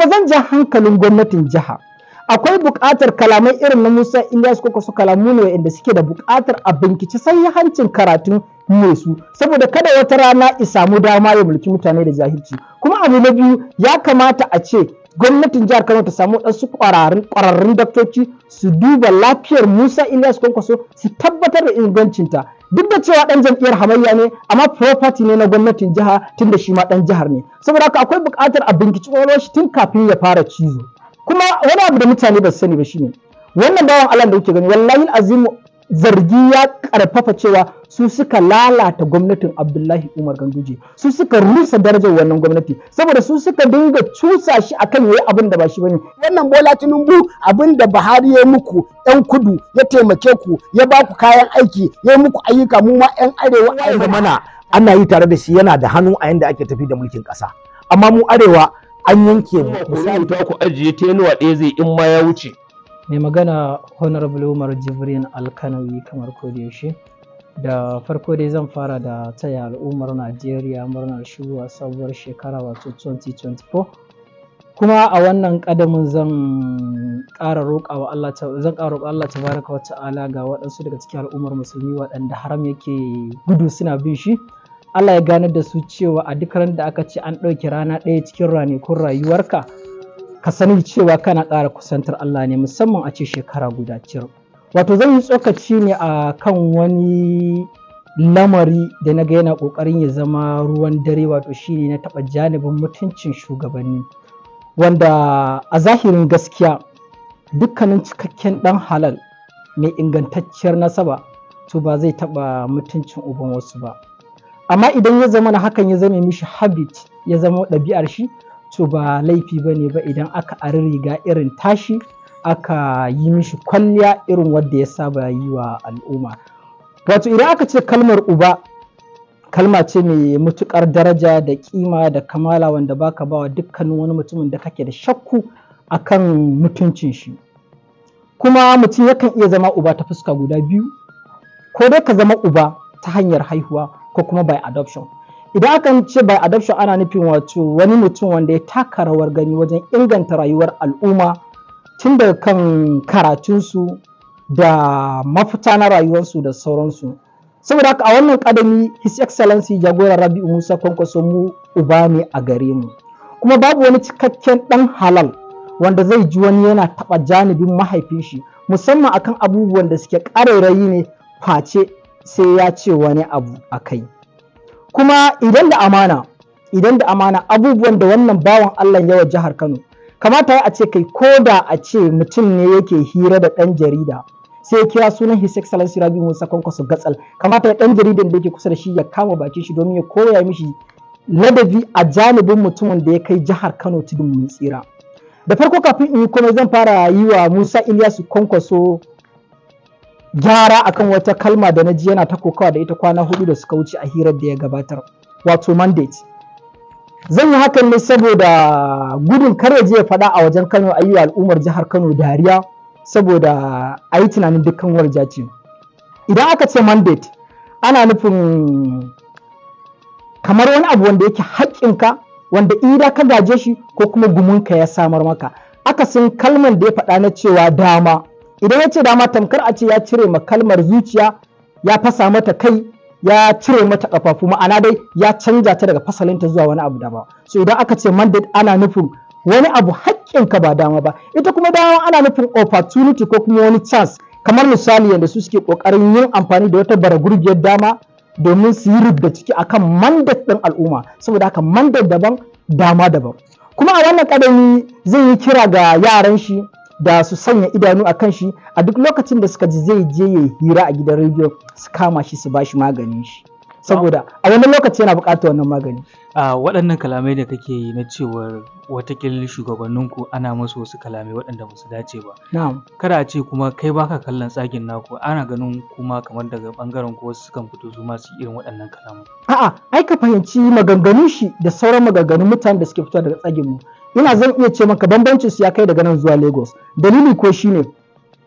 kuma zan ja hankalin gwamnatin jiha akwai buƙatar kalamai irin na Musa Ilyas ko su kalamu ne wa'inda suke da buƙatar a sanya hancin karatun ne su saboda kada wata rana ya samu dama ya mulki mutane da jahilci kuma abu na biyu ya kamata a ce gwamnatin jihar Kano ta samu wadansu kwararrun daktoci su duba lafiyar Musa Ilyas Kwankwaso su tabbatar da ingancinta duk da cewa ɗan jam'iyyar hamayya ne amma property ne na gwamnatin jiha tunda shi ma dan jihar ne saboda haka akwai buƙatar a binciki ƙwaƙwalwar shi tun kafin ya fara cizo kuma wani abu da mutane ba su sani ba shine wannan bawan Allah da kuke gani wallahi azimu zargi ya karfafa cewa su suka lalata gwamnatin abdullahi umar ganduje su suka rusa darajar wannan gwamnati saboda su suka dinga cusa shi akan yayi abin da ba shi bane wannan bola tinubu abin da buhari ya muku yan kudu ya taimake ku ya ba ku kayan aiki ya muku ayyuka mu ma yan arewa a mana ana yi tare da shi yana da hannu a yanda ake tafi da mulkin kasa amma mu arewa an yanke mu ta ku ajiye tenuwa ɗaya zai in ma ya wuce mai magana honorable umar jibrin alkanawi kamar yaushe da farko dai zan fara da taya al'ummar najeriya murnar shigowa sabuwar shekara wato 2024 kuma a wannan kadamin zan ƙara roƙa Allah zan ƙara Allah tabaraka wata'ala ga waɗansu daga cikin al'ummar musulmi waɗanda haram yake gudu suna bin shi Allah ya ganar da su cewa a duk ran da aka ce an ɗauki rana ɗaya cikin ranakun rayuwarka ka sani cewa kana ƙara kusantar Allah ne musamman a ce shekara guda cir. Wato zan yi tsokaci ne a kan wani lamari da na ga yana ƙoƙarin ya zama ruwan dare wato shine na taɓa janibin mutuncin shugabanni. Wanda a zahirin gaskiya dukkanin cikakken ɗan halal mai ingantacciyar nasaba to ba zai taɓa mutuncin uban wasu ba. Amma idan ya zama na hakan ya zama mishi habit ya zama ɗabi'ar shi so ba laifi ba ne ba idan aka ari riga irin tashi aka yi mishi kwalliya irin wadda ya saba yi wa al'umma wato idan aka ce kalmar uba kalma ce mai mutukar daraja da kima da kamala wanda baka bawa dukkanin wani mutumin da kake da shakku akan mutuncin shi kuma mutum yakan iya zama uba ta fuska guda biyu ko dai ka zama uba ta hanyar haihuwa ko kuma by adoption idan aka ce by adoption ana nufin wato wani mutum wanda ya taka rawar gani wajen inganta rayuwar al'umma tun daga kan karatunsu da mafita na rayuwarsu da sauransu saboda haka a wannan kadami his excellency jagoran rabi'u musa kwankwaso mu uba ne a gare mu kuma babu wani cikakken dan halal wanda zai ji wani yana taba janibin mahaifin shi musamman akan abubuwan da suke ƙarairayi ne face sai ya ce wani abu a kai kuma idan da amana idan da amana abubuwan da wannan bawan Allah yawa jihar Kano kamata a ce kai ko da a ce mutum ne yake hira da ɗan jarida sai kira sunan his excellency rabi musa kwankwaso gatsal kamata ya ɗan jaridan da yake kusa da shi ya kama bakin shi domin ya koya mishi ladabi a janibin mutumin da ya kai jihar kano tudun mun tsira da farko kafin in yi kuma zan fara yi wa musa iliyasu kwankwaso gyara akan wata kalma da na ji yana ta kokawa da ita kwana hudu da suka wuce a hirar da ya gabatar wato mandate zan yi hakan ne saboda gudun kar ya je ya faɗa a wajen kano a yi al'ummar jihar kano dariya saboda a yi tunanin dukkan warja ce idan aka ce mandate ana nufin kamar wani abu wanda yake haƙƙinka wanda ida ka gaje shi ko kuma gumunka ya samar maka akasin kalman da ya faɗa na cewa dama idan ya ce dama tamkar a ce ya cire ma kalmar zuciya ya fasa mata kai ya cire mata kafafu ma'ana dai ya canja ta daga fasalinta zuwa wani abu daban so idan aka ce mandate ana nufin wani abu haƙƙinka ba dama ba ita kuma dama ana nufin opportunity ko kuma wani chance kamar misali yadda su suke ƙoƙarin yin amfani da wata baragurgiyar dama domin su yi rubda ciki akan mandate ɗin al'umma saboda haka mandate daban dama daban kuma a wannan ƙadami zai yi kira ga yaran shi da su sanya idanu a kan shi a duk lokacin da suka ji zai je ya hira a gidan rediyo su kama shi su ba shi maganin shi saboda a wani lokaci yana bukatar wannan magani a waɗannan kalamai da kake yi na cewar watakil shugabanninku ana masu wasu kalamai waɗanda ba su dace ba kada a ce kuma kai baka kallon tsagin naku ana ganin kuma kamar daga bangaren ko wasu sukan fito su masu irin waɗannan kalamai a'a ai ka fahimci maganganun shi da sauran maganganun mutanen da suke fitowa daga tsagin mu ina zan iya ce maka bambancin su ya kai daga nan zuwa Lagos dalili ko shine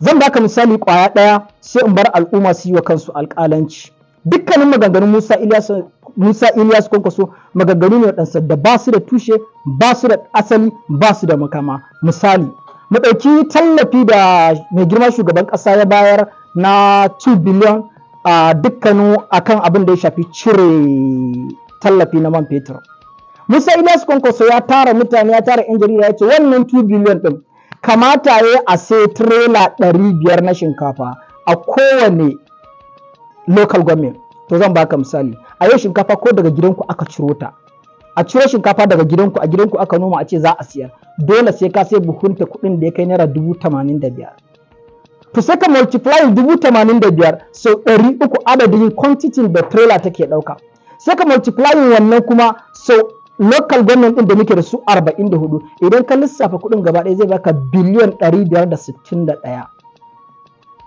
zan baka misali kwaya ɗaya sai in bar al'umma su yi wa kansu alƙalanci dukkanin maganganun Musa Ilyas Musa Ilyas Kwankwaso maganganu ne ɗan da ba su da tushe ba su da asali ba su da makama misali mu ɗauki tallafi da mai girma shugaban ƙasa ya bayar na 2 billion a dukkanin akan abin da ya shafi cire tallafi na man fetur. Musa Ilyas Kwankwaso ya tara mutane ya tara 'yan jarida ya ce wannan 2 biliyan ɗin kamata ya a sai tirela ɗari biyar na shinkafa a kowane local government. To zan baka misali a yau shinkafa ko daga gidanku aka ciro ta. A ciro shinkafa daga gidanku a gidanku aka noma a ce za a siyar dole sai ka sai buhunta kuɗin da ya kai naira dubu tamanin da biyar. to sai ka multiply dubu tamanin da biyar sau ɗari uku adadin quantity da trailer take ɗauka sai ka multiply wannan kuma sau local government din da muke da su 44 idan ka lissafa kuɗin gaba ɗaya zai baka biliyon 561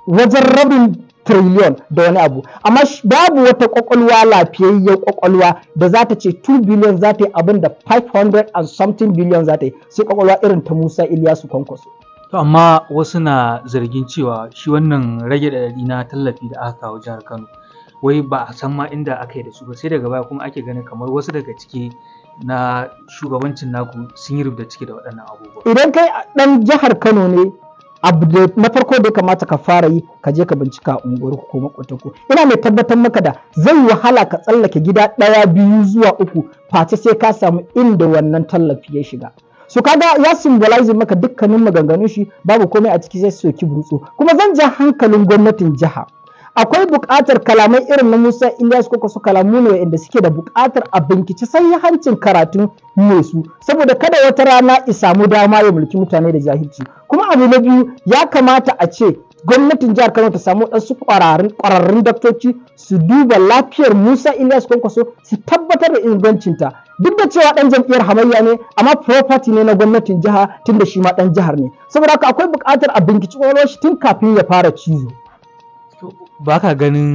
wajen rabin triliyon da wani abu amma babu wata kwakwalwa lafiyayyen kwakwalwa da za ta ce 2 biliyon za ta yi abin da 500 and something biliyon za ta yi sai kwakwalwa irin ta musa iliyasu kwankwaso to amma wasu na zargin cewa shi wannan rage ɗaɗaɗi na tallafi da aka kawo jihar kano wai ba a san ma inda aka yi da su ba sai daga baya kuma ake ganin kamar wasu daga ciki na shugabancin naku sun yi rubuta ciki da waɗannan abubuwa. Idan kai ɗan jihar Kano ne abu da na farko da kamata ka fara yi ka je ka bincika unguwar ku ko ku. ina mai tabbatar maka da zai wahala ka tsallake gida ɗaya biyu zuwa uku face sai ka samu inda wannan tallafi ya shiga. su kaga ya symbolize maka dukkanin maganganun shi babu komai a ciki sai su soki burutsu kuma zan ja hankalin gwamnatin jiha akwai buƙatar kalamai irin na Musa Ilyas ko su kalamu ne inda suke da buƙatar a binkici hancin karatun ne su saboda kada wata rana ya samu dama ya mulki mutane da jahilci kuma abu na biyu ya kamata a ce gwamnatin jihar Kano ta samu ɗansu ƙwararrun daktoci su duba lafiyar Musa Ilyas Kwankwaso su tabbatar da ingancinta duk da cewa ɗan jam'iyyar hamayya ne amma property ne na gwamnatin jiha tun da shi ma ɗan jihar ne saboda haka akwai buƙatar a binkici ƙwaƙwalwar shi tun kafin ya fara cizo. ba ka ganin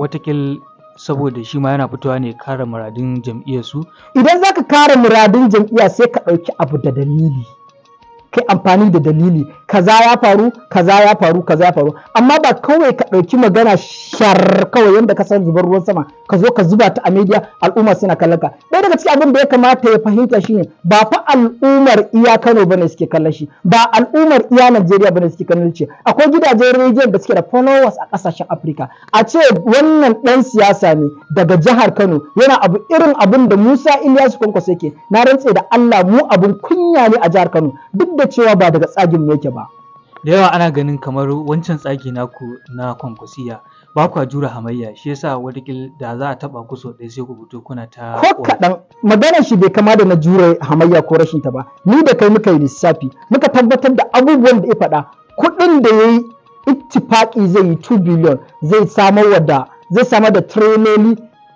watakil saboda shi ma yana fitowa ne kare muradun jam'iyyarsu? Idan za ka kare muradun jam'iyya sai ka ɗauki abu da dalili. kai amfani da dalili kaza ya faru kaza ya faru kaza ya faru amma ba kawai ka ɗauki magana shar kawai yadda ka san zubar ruwan sama ka zo ka zuba ta a media al'umma suna kallon ka ɗaya daga cikin abin da ya kamata ya fahimta shine ba fa al'ummar iya Kano bane suke kallon shi ba al'ummar iya Najeriya bane suke kallon shi akwai gidajen rediyon da suke da followers a ƙasashen Afirka a ce wannan ɗan siyasa ne daga jihar Kano yana abu irin abin da Musa Ilyasu Kwankwaso yake na rantse da Allah mu abin kunya ne a jihar Kano duk da cewa ba daga tsagin mu yake ba da yawa ana ganin kamar wancan tsagi naku na kwankwasiya ba kwa jura hamayya shi yasa watakil da za a taba ku so ɗaya sai ku fito kuna ta ko kaɗan maganar shi bai kama da na jure hamayya ko rashin ta ba ni da kai muka yi lissafi muka tabbatar da abubuwan da ya faɗa kuɗin da ya yi ittifaki zai yi 2 billion zai samar da zai samar da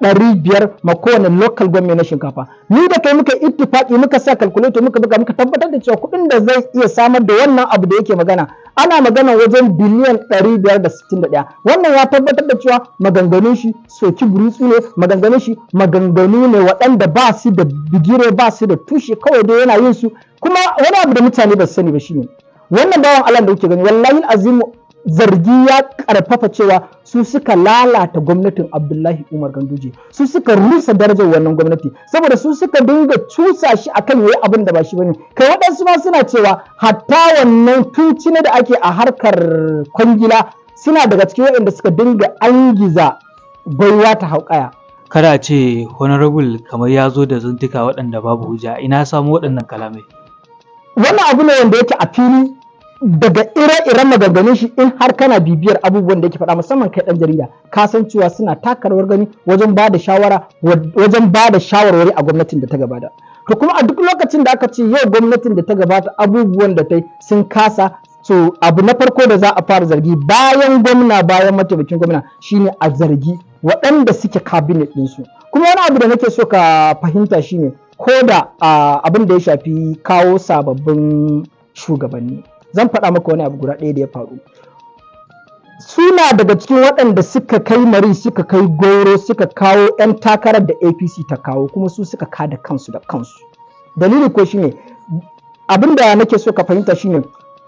ɗari biyar ma kowane local government na shinkafa ni da kai muka ittifaki muka sa kalkuleto muka buga muka tabbatar da cewa kuɗin da zai iya samar da wannan abu da yake magana ana magana wajen biliyan ɗari biyar da sittin da ɗaya wannan ya tabbatar da cewa maganganun shi soki burutsu ne maganganun shi maganganu ne waɗanda ba su da bigire ba su da tushe kawai dai yana yin su kuma wani abu da mutane ba su sani ba shine wannan bawan Allah da kuke gani wallahi azimu zargi ya karfafa cewa su suka lalata gwamnatin abdullahi umar ganduje su suka rusa darajar wannan gwamnati saboda su suka dinga cusa shi akan yayi abin da ba shi bane kai waɗansu ma suna cewa hatta wannan tucina da ake a harkar kwangila suna daga cikin waɗanda suka dinga angiza baiwa ta hauƙaya kada ce honorable kamar ya zo da zuntuka waɗanda babu hujja ina samu waɗannan kalamai wannan abu ne wanda yake a fili daga ire-iren maganganun shi in har kana bibiyar abubuwan da yake faɗa musamman kai ɗan jarida ka san cewa suna taka rawar gani wajen ba da shawara wajen ba da shawarwari a gwamnatin da ta gabata to kuma a duk lokacin da aka ce yau gwamnatin da ta gabata abubuwan da ta sun kasa to abu na farko da za a fara zargi bayan gwamna bayan mataimakin gwamna shine a zargi waɗanda suke kabinet ɗinsu kuma wani abu da nake so ka fahimta shine ko da ah, abin da ya shafi kawo sababbin shugabanni zan faɗa maka wani abu guda ɗaya da ya faru suna daga cikin waɗanda suka kai mari suka kai goro suka kawo 'yan takarar da apc ta kawo kuma su suka kada kansu da kansu dalili ko shine abin da nake so ka fahimta shine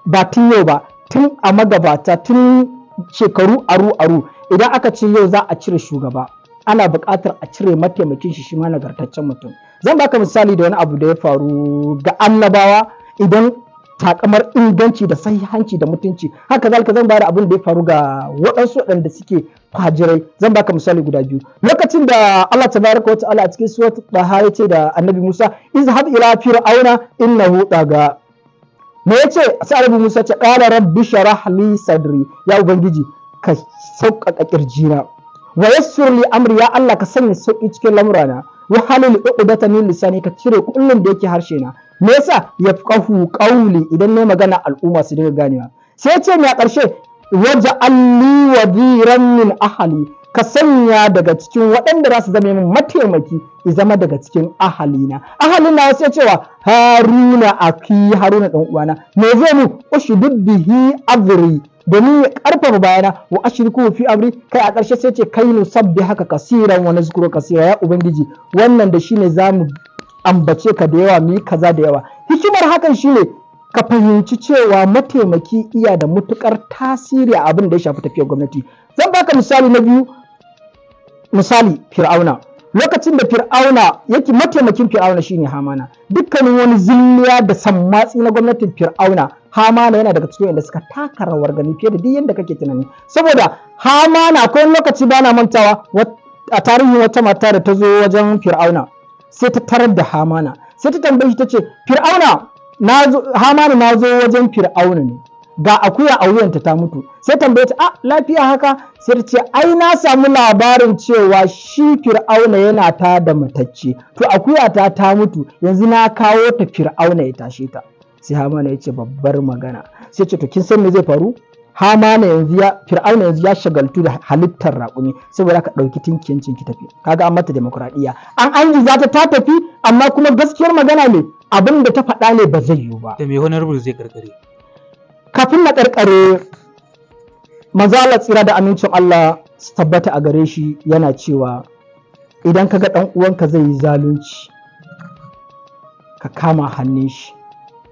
ba tun yau ba tun a magabata tun shekaru aru aru idan aka ce yau za a cire shugaba ana buƙatar a cire mataimakin shi shi ma nagartaccen mutum zan baka misali da wani abu da ya faru ga annabawa idan takamar inganci da sahihanci da mutunci haka zalika zan bada abin da ya faru ga waɗansu waɗanda suke kwajirai. zan baka misali guda biyu lokacin da Allah tabaraka wa ta'ala a cikin surat daha ya ce da annabi Musa izhab ila fir'auna innahu daga me yace sai annabi Musa ce qala rabbi sharah li sadri ya ubangiji ka sauƙaƙa na. wa yassir li amri ya Allah ka sanya sauƙi cikin lamurana wa halil uqdatani lisani ka cire kullun da yake harshe na me yasa yafqahu ƙauli idan ne magana al'umma su dinga ganewa sai ce mai a ƙarshe waje alli wa min ahali ka sanya daga cikin waɗanda za su zama min mataimaki i zama daga cikin ahalina ahalina sai cewa haruna aki haruna ɗan uwana me zai mu duk bihi azri domin ya karfafa bayana wa ashriku fi amri kai a ƙarshe sai ce kai nu sabbi haka kasiran wani zikru kasira ya ubangiji wannan da shine zamu ambace ka da yawa mu kaza da yawa hikimar hakan shine ka fahimci cewa mataimaki iya da matukar tasiri a abin da ya shafi tafiyar gwamnati zan baka misali na biyu misali fir'auna lokacin da fir'auna yake mataimakin fir'auna shine hamana dukkanin wani zilliya da sammatsi na gwamnatin fir'auna hamana yana daga cikin wanda suka taka rawar gani fiye da duk yadda kake tunani saboda hamana akwai lokaci bana mantawa a tarihin wata mata da ta zo wajen fir'auna sai ta tarar da hamana sai ta tambaye shi ta ce fir'auna hamana na zo wajen fir'auna ne ga akuya a wuyanta ta mutu sai tambaye ta a ah, lafiya haka sai ta ce ai na samu labarin cewa shi fir'auna yana ta da matacce to akuya ta ta mutu yanzu na kawo ta fir'auna ya tashe ta sai hamana ya ce babbar magana sai ce to kin san me zai faru na yanzu ya fir'auna yanzu ya shagaltu da halittar raƙumi saboda ka ɗauki tinkiyan ki tafi kaga an mata demokradiyya an an zata ta tafi amma kuma gaskiyar magana ne abin da ta faɗa ne ba zai yiwu ba da me honorable zai karkare kafin na karkare mazala tsira da amincin Allah su tabbata a gare shi yana cewa idan ka ga ɗan uwanka zai yi zalunci ka kama hannun shi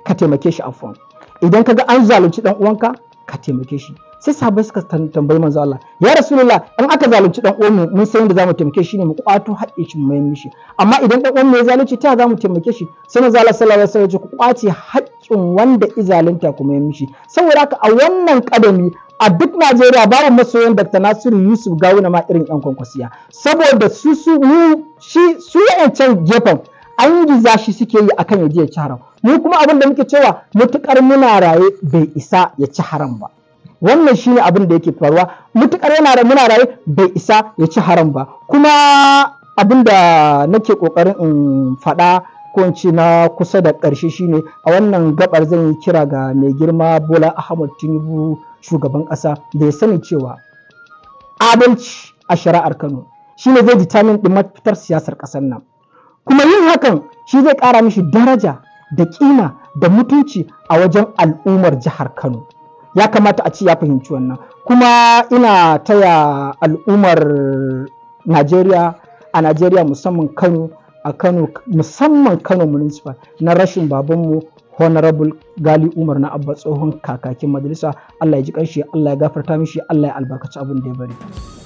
ka taimake shi afon idan ka ga an zalunci ɗan uwanka ka taimake shi sai sahabbai suka tambayi manzo Allah ya rasulullah in aka zalunci dan uwan mu mun san yadda zamu taimake shi ne mu kwato haƙƙin shi mai mishi amma idan dan uwan mu ya zalunci ta zamu taimake shi sai manzo Allah sallallahu alaihi wasallam ku kwace haƙƙin wanda zalunta ku mai mishi saboda haka a wannan kadami a duk Najeriya ba babu masoyan Dr. Nasiru Yusuf Gawuna ma irin yan kwankwasiya saboda su su mu shi su gefen an giza shi suke yi akan ya je ya ci haram mu kuma abin da muke cewa mutukar muna raye bai isa ya ci haram ba wannan shine abin da yake faruwa mutukar yana da muna raye bai isa ya ci haram ba kuma abin da nake kokarin in faɗa ko ce na kusa da ƙarshe shine a wannan gabar zan yi kira ga mai girma Bola Ahmad Tinubu shugaban ƙasa da ya sani cewa adalci a shari'ar Kano shine zai determine din mafitar siyasar ƙasar nan kuma yin hakan shi zai ƙara mishi daraja da ƙima da mutunci a wajen al'ummar jihar kano ya kamata a ci ya fahimci wannan kuma ina taya al'ummar najeriya a najeriya musamman kano a kano musamman kano municipal na rashin babanmu honorable gali umar na abba tsohon kakakin majalisa allah ya ji ƙanshi allah ya gafarta mishi allah ya albarkaci abin da ya bari